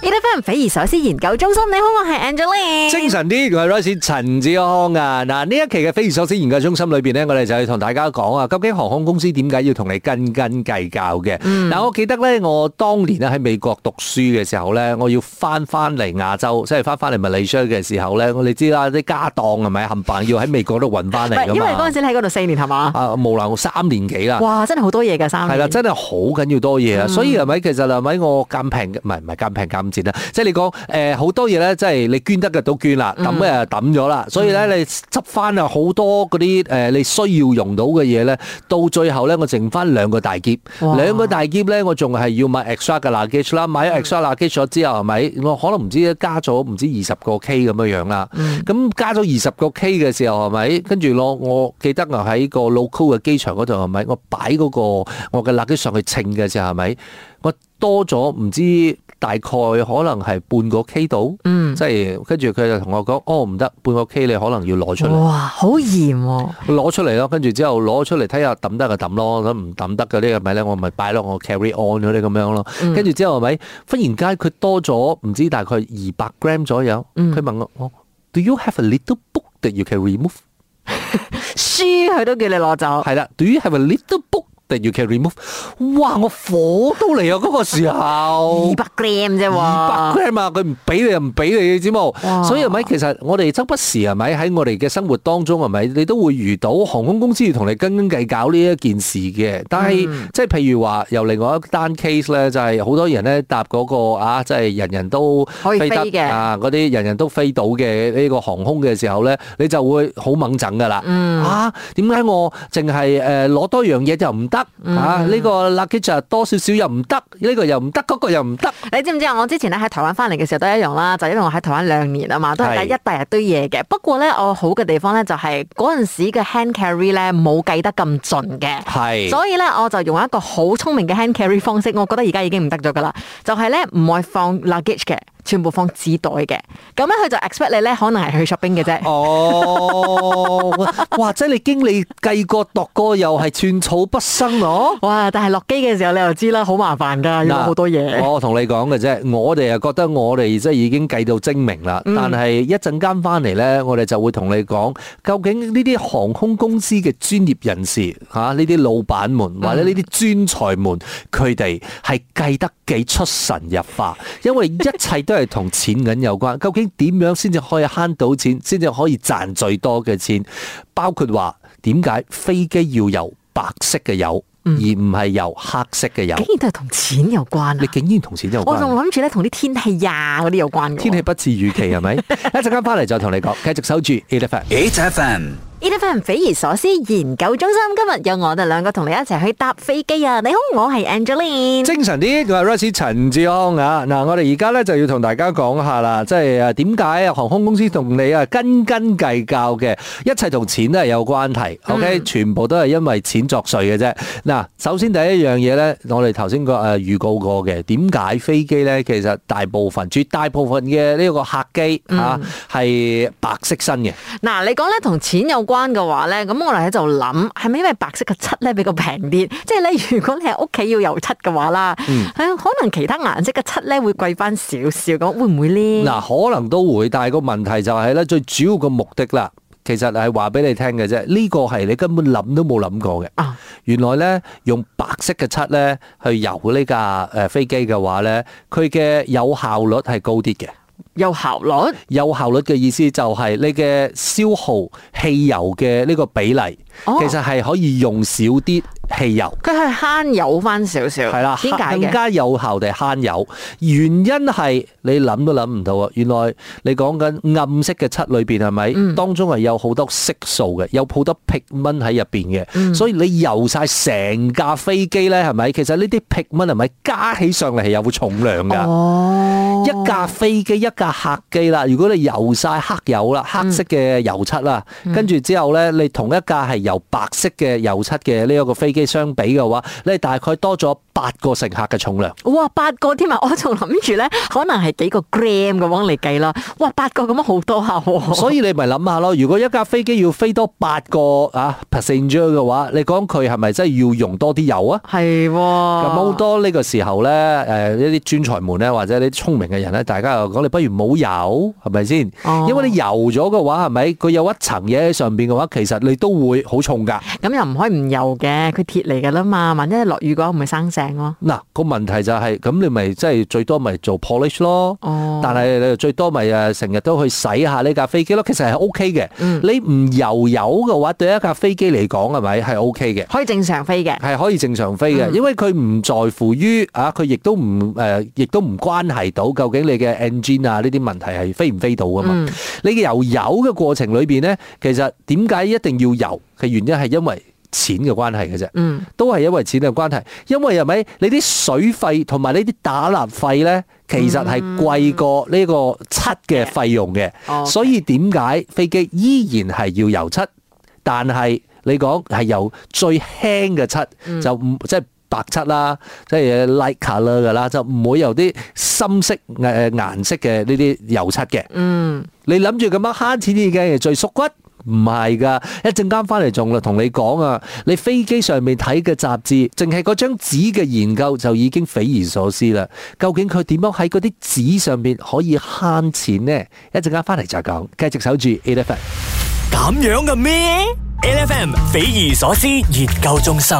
idea 非常匪夷所思研究中心，你好，我係 Angeline。精神啲，我係 Rice 陳志康啊！嗱，呢一期嘅匪夷所思研究中心裏邊咧，我哋就要同大家講啊，究竟航空公司點解要同你斤斤計較嘅？嗱，我記得咧，我當年咧喺美國讀書嘅時候咧，我要翻翻嚟亞洲，即係翻翻嚟馬來西亞嘅時候咧，我你知啦，啲家當係咪冚唪唥要喺美國度運翻嚟噶嘛？唔係，因為嗰陣時你喺嗰度四年係嘛？啊，冇啦，三年幾啦。哇，真係好多嘢噶，三年幾啦，真係好緊要多嘢啊！所以係咪其實係咪我咁平嘅？唔係唔係咁平咁。即係你講誒，好、呃、多嘢咧，即係你捐得嘅都捐啦，抌誒抌咗啦。嗯、所以咧，你執翻啊，好多嗰啲誒，你需要用到嘅嘢咧，到最後咧，我剩翻兩個大箧，兩哇個大箧咧，我仲係要買 extra 嘅 luggage 啦。買咗 extra luggage 之後係咪、嗯？我可能唔知加咗唔知二十個 k 咁樣樣啦。咁、嗯、加咗二十個 k 嘅時候係咪？跟住我我記得我喺個 local 嘅機場嗰度係咪？我擺嗰、嗰個我嘅 luggage 上去稱嘅時候，係咪？我多咗唔知。大概可能係半個 K 度，嗯、即係跟住佢就同我講，哦，唔得，半個 K 你可能要攞出嚟。哇，好嚴喎！攞出嚟咯，跟住之後攞出嚟睇下抌得就抌咯，咁唔抌得嘅呢個咪咧？我咪擺落我 carry on 嗰啲咁樣咯。跟住之後係、就、咪、是、忽然間佢多咗唔知大概二百 gram 左右？佢、嗯、問我，我 do you have a little book that you can remove？書佢都叫你攞走，係啦。Do you have a little book？ 一定要 carry move，哇！我火都嚟啊！嗰個時候二百 gram 啫，二百 gram 啊！佢唔俾你又唔俾你，知冇？哇所以係咪其實我哋周不時係咪喺我哋嘅生活當中係咪你都會遇到航空公司要同你斤斤計較呢一件事嘅？但係即係譬如話由另外一單 case 咧，就係、是、好多人咧搭嗰、那個啊，即、就、係、是、人人都可以飛嘅、嗯、啊，啲人人都飛到嘅呢、這個航空嘅時候咧，你就會好猛整噶啦。嗯，啊，點解我淨係誒攞多樣嘢就唔得？吓，呢個 luggage 多少少又唔得，呢、這個又唔得，嗰、這個又唔得。你知唔知啊？我之前咧喺台灣翻嚟嘅時候都一樣啦，就是、因為我喺台灣兩年啊嘛，都係一大堆嘢嘅。是不過咧，我好嘅地方咧就係嗰陣時嘅 hand carry 咧冇計得咁盡嘅，是所以咧我就用一個好聰明嘅 hand carry 方式，我覺得而家已經唔得咗噶啦，就係咧唔愛放 luggage 嘅。全部放紙袋嘅，咁樣佢就 expect 你咧，可能係去 shopping 兵嘅啫。哦，或者你經理計過度過，又係寸草不生咯。哇！但係落機嘅時候，你又知啦，好麻煩㗎，有好多嘢。我同你講嘅啫，我哋又覺得我哋即係已經計到精明啦。嗯、但係一陣間翻嚟咧，我哋就會同你講，究竟呢啲航空公司嘅專業人士嚇，呢、啊、啲老闆們或者呢啲專才們，佢哋係計得幾出神入化，因為一切， 都係同錢銀有關，究竟點樣先至可以慳到錢，先至可以賺最多嘅錢？包括話點解飛機要油白色嘅油，嗯、而唔係油黑色嘅油？竟然都係同錢有關、啊、你竟然同錢有關、啊？我仲諗住咧，同啲天氣啊嗰啲有關嘅。天氣不似預期係咪？一陣間翻嚟再同你講，繼續守住8 FM。E.T.P. 匪夷所思研究中心，今日有我哋兩個同你一齊去搭飛機啊！你好，我係 Angeline。精神啲，佢係 Russi 陳志安啊！嗱，我哋而家咧就要同大家講下啦，即係誒點解航空公司同你啊斤斤計較嘅，一切同錢都係有關係。嗯、OK，全部都係因為錢作祟嘅啫。嗱、啊，首先第一樣嘢咧，我哋頭先個誒預告過嘅，點解飛機咧其實大部分，絕大部分嘅呢個客機吓係白色身嘅。嗱、啊，你講咧同錢有。關嘅話咧，咁我哋喺度諗，係咪因為白色嘅漆咧比較平啲？即係咧，如果你係屋企要油漆嘅話啦，嗯、可能其他顏色嘅漆咧會貴翻少少，咁會唔會呢？嗱、啊，可能都會，但係個問題就係咧，最主要嘅目的啦，其實係話俾你聽嘅啫。呢、呢個係你根本諗都冇諗過嘅。啊、原來咧，用白色嘅漆咧去油呢架誒飛機嘅話咧，佢嘅有效率係高啲嘅。有效率，有效率嘅意思就係你嘅消耗汽油嘅呢個比例。其實係可以用少啲汽油，佢係慳油翻少少，係啦，更加有效地慳油。原因係你諗都諗唔到啊！原來你講緊暗色嘅漆裏邊係咪？當中係有好多色素嘅，有好多 pigment 喺入邊嘅，所以你油晒成架飛機咧，係咪？其實呢啲 pigment 係咪加起上嚟係有重量噶。一架飛機，一架客機啦，如果你油晒黑油啦，黑色嘅油漆啦，跟住之後咧，你同一架係油。由白色嘅油漆嘅呢一個飛機相比嘅話，你大概多咗八個乘客嘅重量哇。哇，八個添啊！我仲諗住咧，可能係幾個 gram 咁樣嚟計啦。哇，八個咁樣好多下，所以你咪諗下咯，如果一架飛機要飛多八個啊 passenger 嘅話，你講佢係咪真係要用多啲油啊？係、哦。咁好多呢個時候咧，誒、呃，一啲專才們咧，或者啲聰明嘅人咧，大家又講，你不如冇油，係咪先？哦。因為你油咗嘅話，係咪佢有一層嘢喺上邊嘅話，其實你都會好。好重噶，咁又唔可以唔油嘅，佢鐵嚟噶啦嘛。萬一落雨嘅話，咪生鏽咯。嗱，個問題就係，咁你咪即係最多咪做 polish 咯。哦，但係你最多咪誒成日都去洗下呢架飛機咯。其實係 OK 嘅。嗯，你唔油油嘅話，對一架飛機嚟講係咪係 OK 嘅？可以正常飛嘅，係可以正常飛嘅，因為佢唔在乎於啊，佢亦都唔誒，亦都唔關係到究竟你嘅 engine 啊呢啲問題係飛唔飛到㗎嘛。你嘅油油嘅過程裏面咧，其實點解一定要油？嘅原因係因為錢嘅關係嘅啫，嗯、都係因為錢嘅關係。因為又咪你啲水費同埋呢啲打蠟費咧，其實係貴過呢個漆嘅費用嘅。嗯、所以點解 Okay. 飛機依然係要油漆？但係你講係由最輕嘅漆，嗯、就唔即係白漆啦，即、就、係、是、light color 嘅啦，就唔會有啲深色誒顏色嘅呢啲油漆嘅。嗯，你諗住咁樣慳錢已經最縮骨。唔係噶，一陣間翻嚟，仲要同你講啊！你飛機上面睇嘅雜誌，淨係嗰張紙嘅研究就已經匪夷所思啦。究竟佢點樣喺嗰啲紙上面可以慳錢呢？一陣間翻嚟再講，繼續守住 A. F. M. 咁樣嘅咩？A. F. M. 匪夷所思研究中心。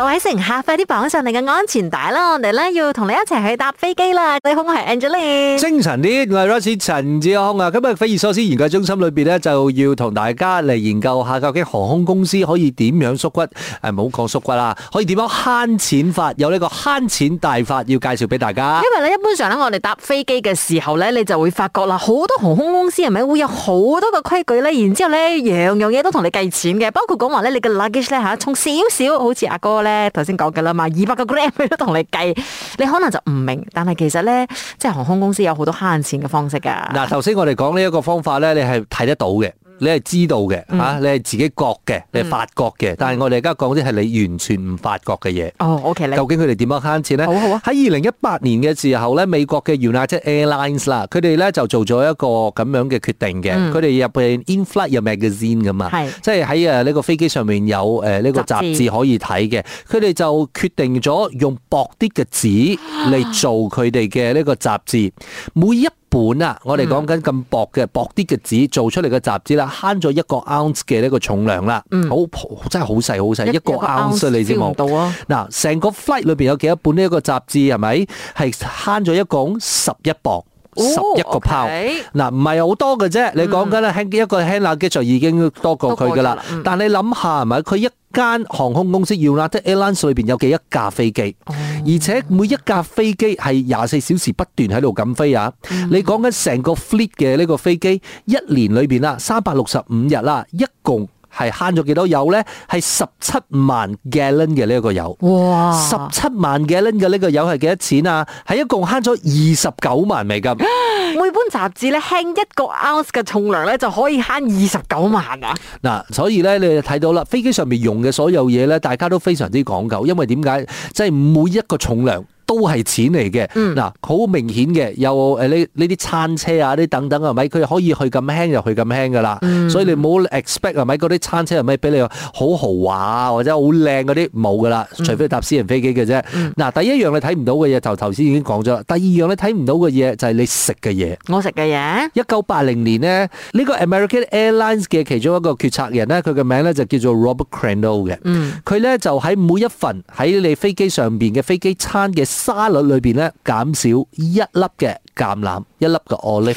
各位乘客，快啲綁上你嘅安全帶啦！我哋咧要同你一齊去搭飛機啦！你好，我係 Angeline。精神啲，我係 Rosie 陳志康啊！今日匪夷所思研究中心裏邊咧，就要同大家嚟研究下究竟航空公司可以點樣縮骨？誒、啊，唔好講縮骨啦，可以點樣慳錢法？有呢個慳錢大法要介紹俾大家。因為咧，一般上咧，我哋搭飛機嘅時候咧，你就會發覺啦，好多航空公司係咪會有好多個規矩咧？然之後咧，樣樣嘢都同你計錢嘅，包括講話咧，你嘅 luggage 咧吓，重少少，好似阿哥咧，頭先講緊啦嘛，二百個 gram 佢都同你計，你可能就唔明，但係其實咧，即係航空公司有好多慳錢嘅方式噶、啊。嗱，頭先我哋講呢一個方法咧，你係睇得到嘅。你係知道嘅嚇、嗯啊，你係自己覺嘅，你係發覺嘅。嗯、但係我哋而家講啲係你完全唔發覺嘅嘢。哦，OK，究竟佢哋點樣慳錢咧？好、好啊。喺二零一八年嘅時候咧，美國嘅 United Airlines 啦，佢哋咧就做咗一個咁樣嘅決定嘅。佢哋、嗯、入面 in-flight 有 magazine 咁嘛、嗯，即係喺誒呢個飛機上面有誒呢個雜誌可以睇嘅。佢哋誌就決定咗用薄啲嘅紙嚟做佢哋嘅呢個雜誌，每一。本啊，我哋講緊咁薄嘅、嗯、薄啲嘅紙做出嚟嘅雜誌啦，慳咗一個 ounce 嘅呢個重量啦，好、嗯、真係好細好細一個 ounce，你知冇？嗱、嗯，成個 flight 裏邊有幾多本呢一個雜誌係咪？係慳咗一共十一磅。十、哦 okay，嗯、一個炮，嗱唔係好多嘅啫，你講緊咧輕一個輕量機就已經多過佢噶啦。嗯、但你諗下係咪？佢一間航空公司 United Airlines 裏邊有幾一架飛機，哦、而且每一架飛機係廿四小時不斷喺度噉飛啊！嗯、你講緊成個 fleet 嘅呢個飛機，一年裏邊啦，三百六十五日啦，一共。係慳咗幾多油咧？係十七萬 gallon 嘅呢一個油，哇！十七萬 gallon 嘅呢個油係幾多錢啊？係一共慳咗二十九萬美金。每本雜誌咧輕一個 ounce 嘅重量咧就可以慳二十九萬啊！嗱、啊啊，所以咧你哋睇到啦，飛機上面用嘅所有嘢咧，大家都非常之講究，因為點解？即係每一個重量。都係錢嚟嘅，嗱、好、嗯、明顯嘅，有誒呢呢啲餐車啊，呢等等啊，咪佢可以去咁輕就去咁輕噶啦，嗯、所以你唔好 expect 啊，咪嗰啲餐車啊咪俾你好豪華或者好靚嗰啲冇噶啦，除非搭私人飛機嘅啫。嗱、嗯，第一樣你睇唔到嘅嘢，頭頭先已經講咗啦。第二樣你睇唔到嘅嘢就係你食嘅嘢。我食嘅嘢。一九八零年呢，呢、呢個 American Airlines 嘅其中一個決策人咧，佢嘅名咧就叫做 Robert Crandall 嘅，佢咧、嗯、就喺每一份喺你飛機上邊嘅飛機餐嘅。沙律裏邊咧減少一粒嘅橄欖，一粒嘅 olive。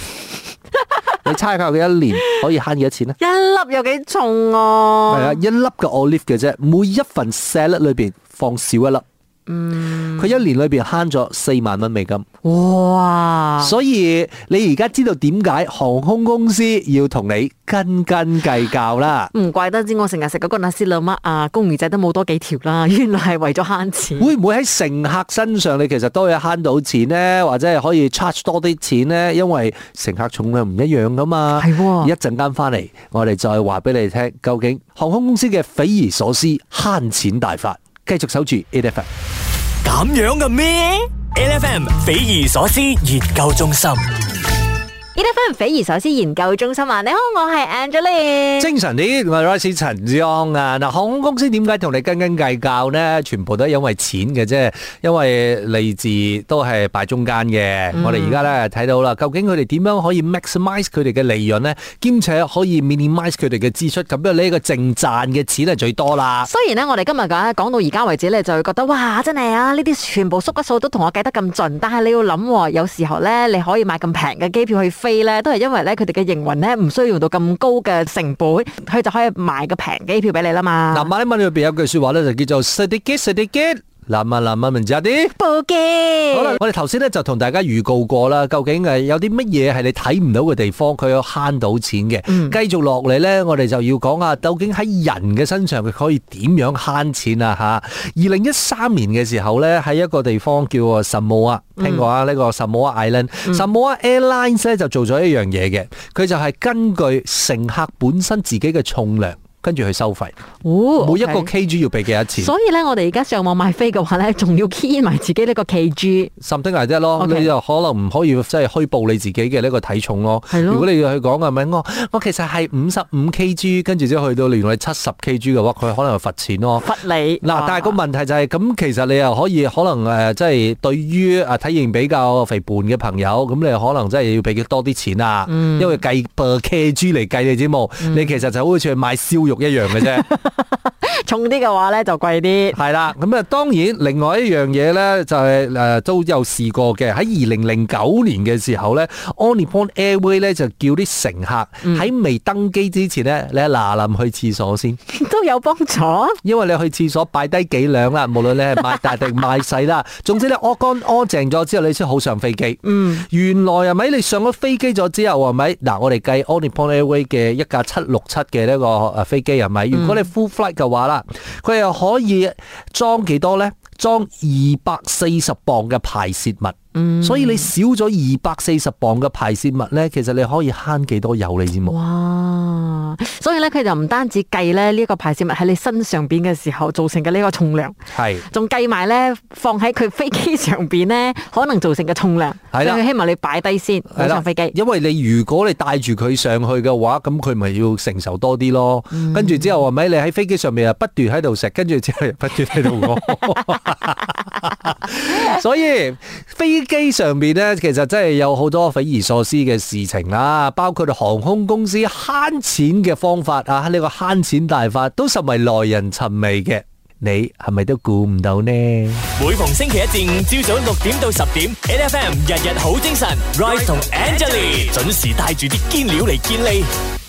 你猜下佢一年可以慳幾多錢咧？一粒有幾重啊？係啊，一粒嘅 olive 嘅啫，每一份沙律裏邊放少一粒。嗯，佢一年裏邊慳咗四萬蚊美金，哇！所以你而家知道點解航空公司要同你斤斤計較啦？唔怪得之，我成日食嗰個阿司佬乜啊，公魚仔都冇多幾條啦。原來係為咗慳錢。 會唔會喺乘客身上你其實都可以慳到錢呢？或者係可以 charge 多啲錢呢？因為乘客重量唔一樣噶嘛。哦、一陣間翻嚟，我哋再話俾你聽究竟航空公司嘅匪夷所思慳錢大法。繼，繼續守住 A、e、F。咁樣嘅咩？LFM 匪夷所思研究中心。E.T.F. 匪夷所思研究中心啊，你好，我係 Angeline。精神啲，我係 Rice 陳志康啊。嗱，航空公司點解同你斤斤計較呢？全部都係因為錢嘅啫，因為利字都係擺中間嘅。嗯、我哋而家咧睇到啦，究竟佢哋點樣可以 maximize 佢哋嘅利潤呢？兼且可以 minimize 佢哋嘅支出，咁樣呢個淨賺嘅錢係最多啦。雖然呢，我哋今日講講到而家為止咧，你就會覺得哇，真係啊，呢啲全部縮骨數都同我計得咁盡。但係你要諗，有時候咧，你可以買咁平嘅機票去。飛咧，都係因為咧佢哋嘅營運咧唔需要用到咁高嘅成本，佢就可以賣個平機票俾你啦嘛。嗱，馬來文裏邊有句説話咧，就叫做 sedikit sedi 嗱，問問問明仔啲， 好啦，我哋頭先咧就同大家預告過啦，究竟係有啲乜嘢係你睇唔到嘅地方，佢有慳到錢嘅。嗯、繼續落嚟咧，我哋就要講下究竟喺人嘅身上佢可以點樣慳錢啊吓，二零一三年嘅時候咧，喺一個地方叫 Samoa 啊？嗯、聽過啊？呢、呢個 Samoa Island Samoa Airlines 咧就做咗一樣嘢嘅，佢就係根據乘客本身自己嘅重量。跟住去收費，哦、每一個 K G 要俾幾多錢？所以咧，我哋而家上網買飛嘅話咧，仲要填埋自己呢個 K G，something 嚟啫咯。你又可能唔可以即係虛報你自己嘅呢個體重咯。係咯。如果你要去講啊，唔係我，我其實係五十五 K G，跟住之後去到原來七十 K G 嘅話，佢可能會罰錢咯。罰你嗱，但係個問題就係、是、咁，啊、其實你又可以可能誒，即、呃、係、就是、對於啊體型比較肥胖嘅朋友，咁你可能真係要俾佢多啲錢啊，嗯、因為計、呃、K G 嚟計你，你知冇，嗯、你其實就好好似買燒。肉一樣嘅啫。重啲嘅話咧就貴啲，係啦。 咁 啊當然另外一樣嘢咧就係誒都有試過嘅。喺二零零九年嘅時候咧 All Nippon Airway 咧就叫啲乘客喺未登機之前咧，你嗱臨去廁所先，都有幫助。因為你去廁所擺低幾兩啦，無論你係買大定買細啦，總之你屙乾屙淨咗之後你先好上飛機。嗯，原來係咪你上咗飛機咗之後，係咪嗱？我哋計 All Nippon Airway 嘅一架七六七嘅呢個誒飛機係咪？如果你 full flight 嘅話。佢、啊、又可以裝幾多呢？裝二百四十磅嘅排泄物，嗯、所以你少咗二百四十磅嘅排泄物呢，其實你可以慳幾多油，你知冇？所以咧，佢就唔單止計咧呢一個排泄物喺你身上邊嘅時候造成嘅呢個重量，係的，仲計埋咧放喺佢飛機上邊咧可能造成嘅重量，係啦的，佢希望你擺低先，上飛機。因為你如果你帶住佢上去嘅話，咁佢咪要承受多啲咯。跟住、嗯、之後，話咪，你喺飛機上面啊，不斷喺度食，跟住之後不斷喺度屙，所以。飛機上面咧，其實真係有好多匪夷所思嘅事情啦，包括航空公司慳錢嘅方法啊，呢個慳錢大法都實為耐人尋味嘅，你係咪都估唔到呢？每逢星期一至五朝早六點到十點，Ai FM 日日好精神，Rise、right、同 Angelie 準時帶住啲堅料嚟堅你。